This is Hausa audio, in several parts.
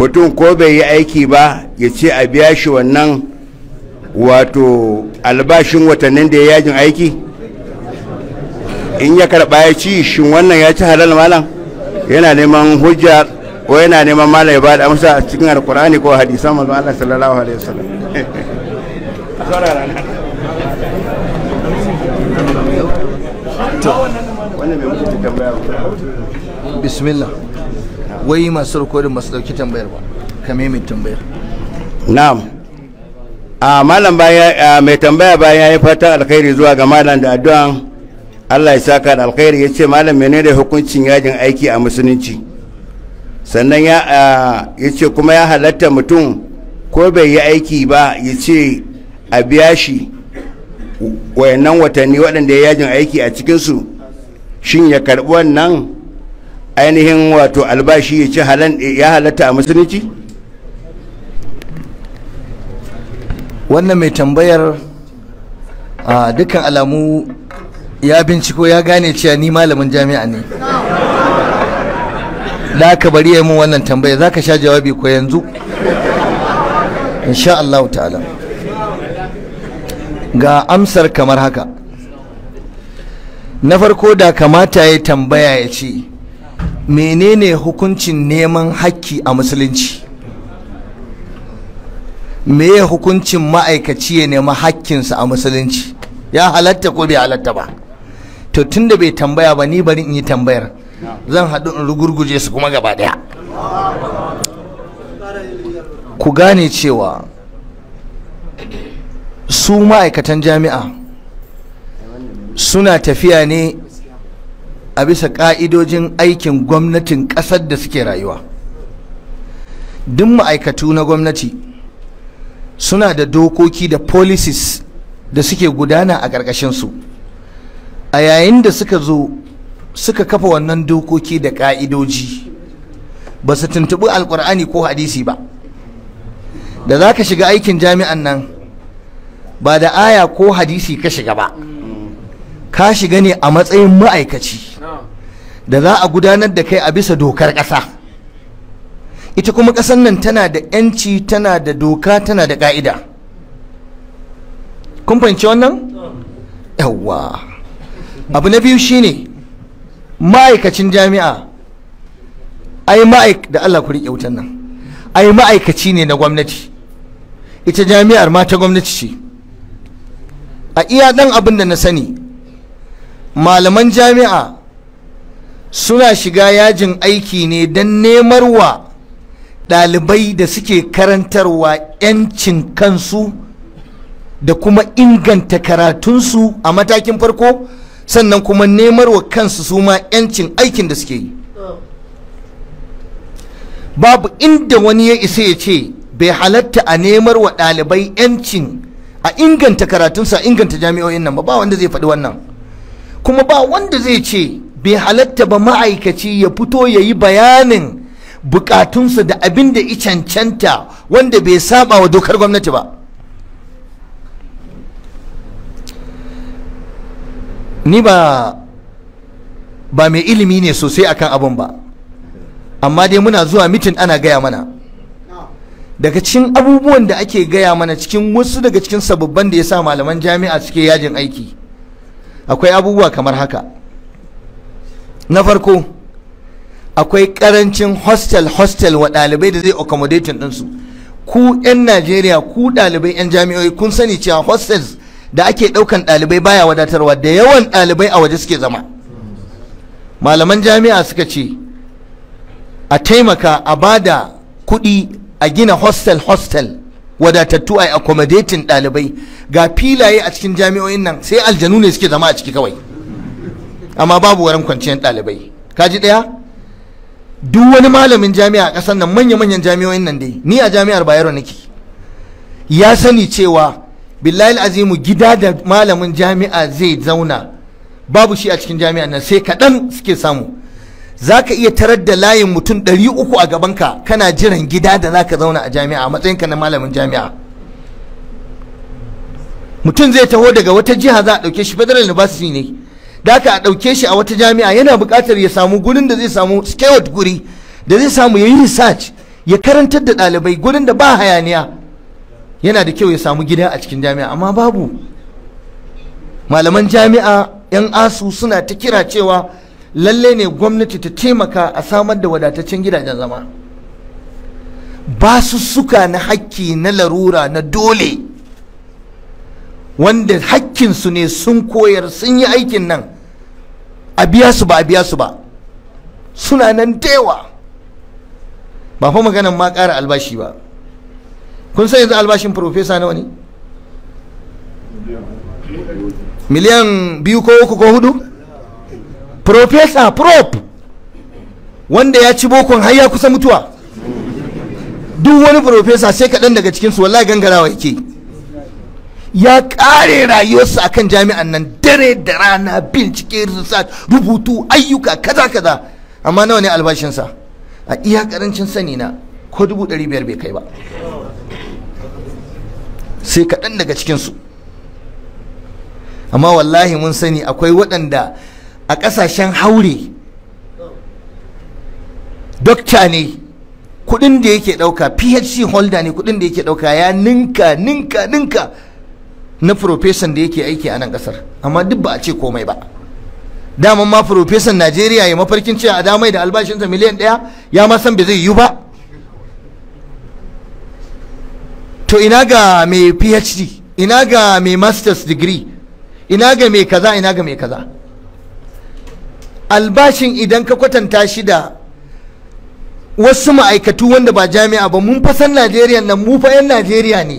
mutum ko bai yi aiki ba ya ce a biya shi wannan wato albashin watannin da ya yajin aiki in ya karɓa ya ci shin wannan ya ci halal malam yana neman hujja ko yana neman malam ya bada amsa cikin alkur'ani ko hadisan manzon Allah sallallahu alaihi wasallam bismillah wai masu rikodin masu dauki tambayar ba kame mai tambayar na'am a malam baya mai tambaya bayan ya yi fata alkhairi zuwa ga malam da addu'an Allah ya saka da alkhairi ya ce malam menene hukuncin yajin aiki a musulunci sannan ya ya ce kuma ya halatta mutum ko bai yi aiki ba ya ce a biya shi wayannan watanni waɗanda ya yajin aiki a cikinsu shin ya karɓi wannan ainihin wato albashi ya ci ya halatta a musulunci wannan mai tambayar a dukkan alamu ya binciko ya gane cewa ni malamin jami'a ne da aka bari yi min wannan tambaya za ka sha jawabi ko yanzu insha Allah ta'ala ga amsar kamar haka na farko da kamata ya tambaya ya ce menene hukuncin neman hakki a musulunci meye hukuncin ma'aikaci ya nema hakkinsa a musulunci ya halatta ko bai halatta ba to tunda bai tambaya ba ni bari in yi tambayar zan haɗu in rugurguje su kuma gaba ɗaya ku gane cewa su ma'aikatan jami'a suna tafiya ne a bisa ƙa'idojin aikin gwamnatin ƙasar da suke rayuwa duk ma'aikatu na gwamnati suna da dokoki da policies da suke gudana a ƙarƙashinsu a yayin da suka zo suka kafa wannan dokoki da ƙa'idoji ba su tuntuɓi alƙur'ani ko hadisi ba da za ka shiga aikin jami'an nan ba da aya ko hadisi ka shiga ba ka shiga ne a matsayin ma'aikaci da za a gudanar da kai a bisa dokar ƙasa ita kuma ƙasar nan tana da 'yanci tana da doka tana da ƙa'ida kun fahimci wannan yawwa abu na biyu shine ma'aikacin jami'a ai ma'aik da Allah ku riƙe wutan nan ai ma'aikaci ne na gwamnati ita jami'ar ma ta gwamnati ce a iya ɗan abin da na sani malaman jami'a suna shiga yajin aiki ne don wa ɗalibai da suke karantarwa 'yancin kansu da kuma inganta karatunsu a matakin farko sannan kuma nemarwa kansu su ma 'yancin aikin da suke yi babu inda wani ya isa ya ce bai halatta a nemar wa ɗalibai 'yancin a inganta karatunsa a inganta jami'o'in nan ba ba wanda zai faɗi wannan kuma ba wanda zai ce bai halatta ba ma'aikaci ya fito ya yi bayanin bukatunsa da abin da i cancanta wanda bai saba wa dokar gwamnati ba ni ba ba mai ilimi ne sosai akan abin ba amma dai muna zuwa mitin ana gaya mana daga cikin abubuwan da ake gaya mana cikin wasu daga cikin sababbin da ya sa malaman jami'a suke yajin aiki akwai abubuwa kamar haka na farko akwai karancin hostel hostel wa dalibai da zai accommodation ɗinsu ku 'yan najeriya ku ɗalibai 'yan jami'oi kun sani cewa hostels da ake ɗaukan ɗalibai baya wadatarwa da yawan ɗalibai a waje suke zama malaman jami'a suka ce a taimaka a bada kuɗi a gina hostel hostel wadatattu a accommodating ɗalibai ga filaye a cikin jami'o'in nan sai aljanu ne suke zama a ciki kawai amma babu wurin kwanciyar ɗalibai kaji ɗaya duk wani malamin jami'a a ƙasar nan manya-manyan jami'o'in nan dai ni a jami'ar bayero nake ya sani cewa billahi azimu gida da malamin jami'a zai zauna babu shi a cikin jami'a nan sai kaɗan suke samu za ka iya tarar da layin mutum ɗari uku a gabanka kana jiran gida da za ka zauna a jami'a a matsayinka na malamin jami'a mutum zai taho daga wata jiha za a ɗauke shi federal university ne da a ɗauke shi a wata jami'a yana buƙatar ya samu gurin da zai samu skewed guri da zai samu ya yi research ya karantar da ɗalibai gurin da ba hayaniya yana da kyau ya samu gida a cikin jami'a amma babu malaman jami'a 'yan asu suna ta kira cewa lalle ne gwamnati ta taimaka a samar da wadataccen gidajen zama Ba su suka na hakki na larura na dole wanda hakkinsu ne sun koyar sun yi aikin nan a biya su ba a biya su ba suna nan dewa ba fa maganan ma ƙara albashi ba kun sai yanzu albashin profesa nawa ne miliyan biyu ko uku ko hudu profesa prop wanda ya ci bokon har ya kusa mutuwa duk wani profesa sai kaɗan daga cikinsu wallahi gangarawa yake ya ƙare rayuwarsa akan jami'an nan dare da rana bincike research rubutu ayyuka kaza kaza amma nawa ne albashinsa a iya karancin sani na ko dubu ɗari biyar bai kai ba sai kaɗan daga cikinsu amma wallahi mun sani akwai waɗanda a ƙasashen haure dokta ne kudin da yake ɗauka phd holder ne kudin da yake ɗauka ya ninka ninka ninka na profesan da yake aiki a nan kasar amma duk ba a ce komai ba daman ma profesan najeriya ya mafarkin cewa a damai da albashinsa miliyan daya ya ma san bai zai yiwu ba to ina ga mai phd ina ga mai masters degree ina ga mai kaza ina ga mai kaza albashin idan ka kwatanta shi da wasu ma'aikatu wanda ba jami'a ba mun fasan najeriya nan mu fa 'yan najeriya ne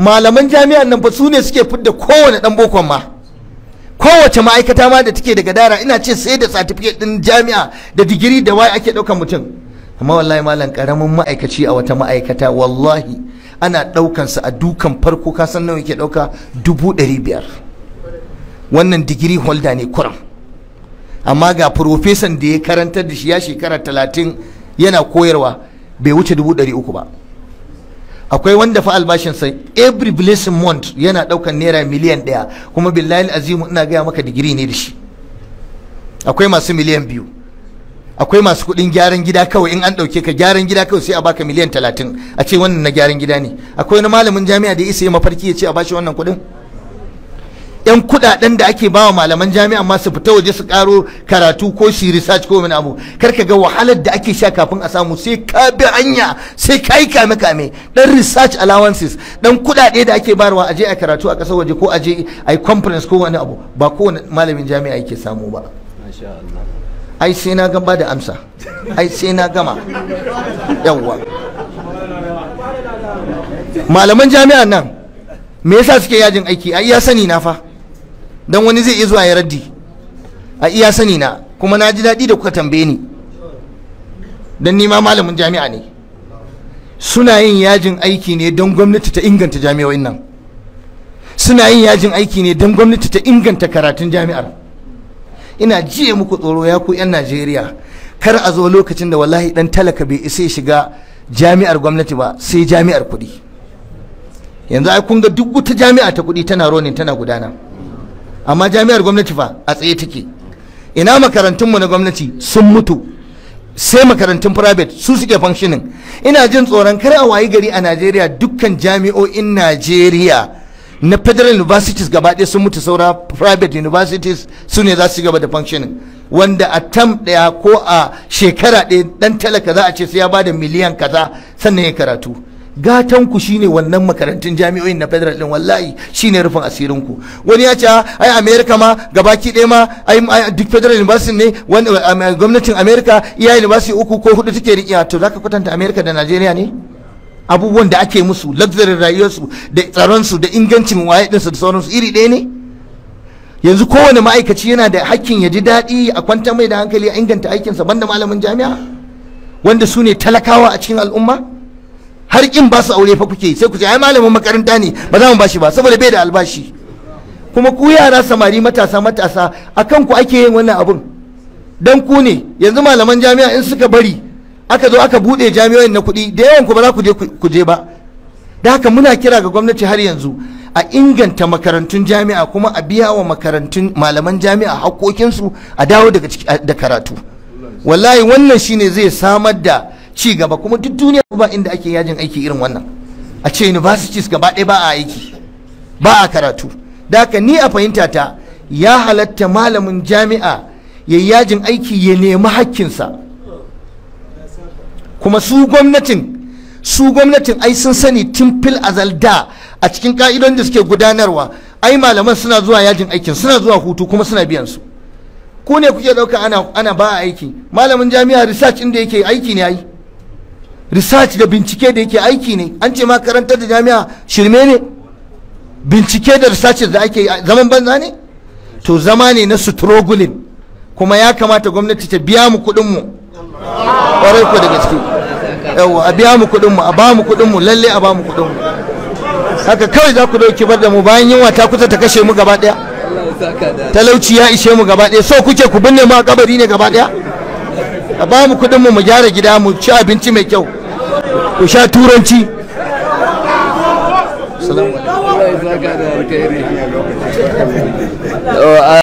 malaman jami'a nan fa su ne suke fidda kowane dan boko ma kowace ma'aikata ma da take daga dara ina ce sai da certificate din jami'a da digiri da wai ake ɗauka mutum amma wallahi malam karamin ma'aikaci a wata ma'aikata wallahi ana sa a dukan farko ka san nawa yake ɗauka dubu ɗari wannan digiri holder ne kuran. amma ga profesan da ya karantar da shi ya shekara talatin yana koyarwa bai wuce dubu ɗari uku ba akwai wanda fa sai every blessing month yana daukan naira miliyan ɗaya kuma billahi azimu ina gaya maka digiri ne da shi akwai masu miliyan biyu akwai masu kuɗin gyaran gida kawai in an ɗauke ka gyaran gida kawai sai a baka miliyan talatin a ce wannan na gyaran gida ne akwai wani malamin jami'a da ya isa mafarki ya ce a bashi wannan kuɗin yan kudaden da ake bawa malaman jami'a ma su fita waje su karo karatu ko shi research ko wani abu kar ka ga wahalar da ake sha kafin a samu sai ka bi hanya sai ka yi kame kame dan research allowances dan kudade da ake bayarwa aje a karatu a kasar waje ko aje a yi conference ko wani abu ba ko malamin jami'a yake samu ba ai sai na gaba da amsa ai sai na gama yawwa malaman jami'an nan me yasa suke yajin aiki ai ya sani na fa don wani zai iya zuwa ya raddi a iya sani na kuma na ji daɗi da kuka tambaye ni don nima malamin jami'a ne suna yin yajin aiki ne don gwamnati ta inganta jami'o'in nan suna yin yajin aiki ne don gwamnati ta inganta karatun jami'ar ina jiye muku tsoro ya ku 'yan najeriya kar a zo lokacin da wallahi dan talaka bai isa ya shiga jami'ar gwamnati ba sai jami'ar kuɗi yanzu ai kun ga duk wata jami'a ta kuɗi tana ronin tana gudana amma jami'ar gwamnati fa a tsaye take ina makarantunmu na gwamnati sun mutu sai makarantun private su suke functioning ina jin tsoron kar a wayi gari a najeriya dukkan jami'o'in najeriya na federal universities gaba ɗaya sun mutu saura private universities su ne za su gaba da functioning wanda a tam ɗaya ko a shekara ɗaya ɗan talaka za a ce sai ya ba da miliyan kaza sannan ya karatu Gatanku ku shine wannan makarantun jami'o'in na federal din wallahi shine rufin asirin ku wani ya ce ah, ai america ma gabaki ɗaya ma ai duk federal university ne ah, ah, gwamnatin america iya university uku ko hudu take riƙiya to zaka kwatanta america da nigeria ne abubuwan da ake musu luxury rayuwarsu da tsaron su da ingancin waye su da sauransu iri ɗaya ne yanzu kowane ma'aikaci yana da hakkin ya ji daɗi a kwantar mai da hankali a inganta aikinsa banda malamin jami'a wanda su ne talakawa a cikin al'umma har kin ba su aure fa kuke sai ku ce ai malamin makaranta ne ba za mu bashi ba saboda bai da albashi kuma ku yara samari matasa matasa akan ku ake yin wannan abun dan ku ne yanzu malaman jami'a in suka bari aka zo aka bude jami'o'in na kuɗi da yawan ku ba za ku je ku je ba da haka muna kira ga gwamnati har yanzu a inganta makarantun jami'a kuma a biya wa makarantun malaman jami'a hakokinsu a dawo da karatu wallahi wannan shine zai samar da ci gaba kuma duk duniya ba inda ake yajin aiki irin wannan a ce universities gaba ɗaya ba a aiki ba a karatu da haka ni a fahimta ta ya halatta malamin jami'a ya yajin aiki ya nemi hakkinsa kuma su gwamnatin su gwamnatin ai sun sani tun fil azal a cikin ka'idon da suke gudanarwa ai malaman suna zuwa yajin aikin suna zuwa hutu kuma suna biyan su ku ne kuke ɗauka ana ba aiki malamin jami'a research inda yake aiki ne ai research da bincike da yake aiki ne an ce ma karantar da jami'a shirme ne bincike da research da ake zaman banza ne to zama ne na struggling kuma ya kamata gwamnati ta biya mu kuɗin mu ƙwarai ku da gaske yawa a biya mu kuɗin mu a ba mu kuɗin mu lalle a ba mu kuɗin mu haka kawai za ku dauki bar da mu bayan yunwa ta kusa ta kashe mu gaba ɗaya talauci ya ishe mu gaba ɗaya so kuke ku binne mu a kabari ne gaba ɗaya a ba mu kuɗin mu mu gyara gida mu ci abinci mai kyau ku sha turanci